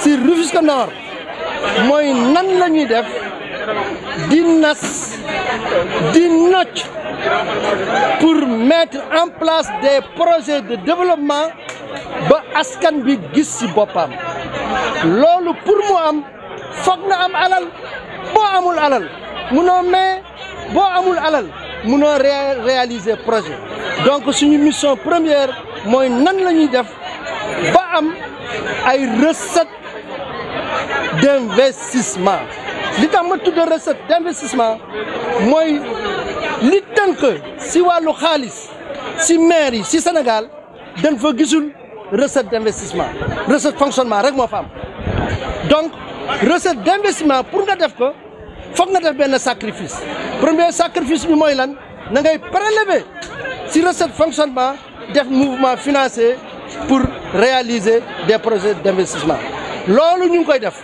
si Rufisque Nord moi nan la ñuy def di nas pour mettre en place des projets de développement ba askan bi gis ci bopam. loolu pour moi, am foog am alal bo amul alal munoo mais bo amul alal munoo réaliser projet donc c'est une mission première moi nan la ñuy def ba am ay recette d'investissement li tax ma tudde recette d'investissement moy li tënk si walu khalis si maire si Sénégal dañ fa gisul recette d'investissement recette fonctionnement rek mo fam donc recette d'investissement pour nga def ko faut nga def ben sacrifice premier sacrifice bi moy lan na ngay prélever si recette fonctionnement def mouvement financier pour réaliser des projets d'investissement loolu ñu ngi koy def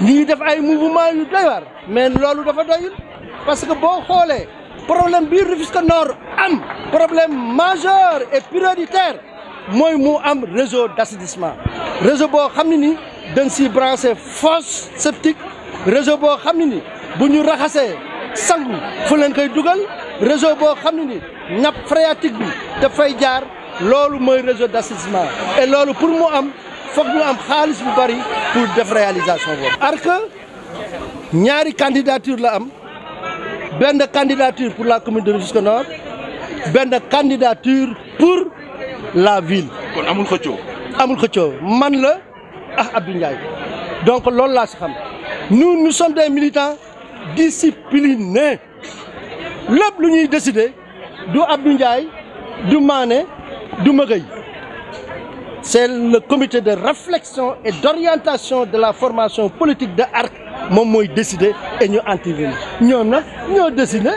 ni ngi def ay mouvement yu doy waar mais loolu dafa doyul parce que boo xoolee problème bii risque Nord am problème majeur et prioritaire mooy mu am réseau d'assainissement réseau boo xam ne ni dañ si branché fosse septique réseau boo xam ne ni bu ñu raxasee sangu fu leen koy dugal réseau boo xam ne ni nappe phréatique bi dafay jaar lolu moy réseau d' et lolu pour mo am foog ñu am xaliss bu bari pour def réalisation bob ARCA ñaari candidature la am benn candidature pour la commune de Rufisque Nord benn candidature pour la ville. kon amul xëccoo. amul xëccoo man la ah Abdou Ndiaye donc lolu la si xam nous nous sommes des militants disciplinés lepp lu ñuy décider du Abdou Ndiaye du Mané d'Oumagay. C'est le comité de réflexion et d'orientation de la formation politique de ARC moom mooy décider et ñu entériné ñoom nag ñoo décidé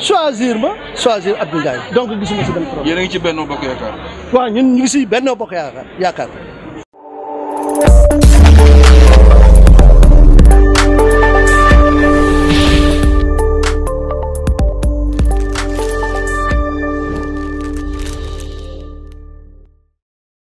choisir ma choisir Abdoulaye. Ndiaye donc gisuma si benn problème. yéen a ngi ci Benno Bokk Yaakaar. waaw ñun ñu ngi si Benno Bokk Yaakaar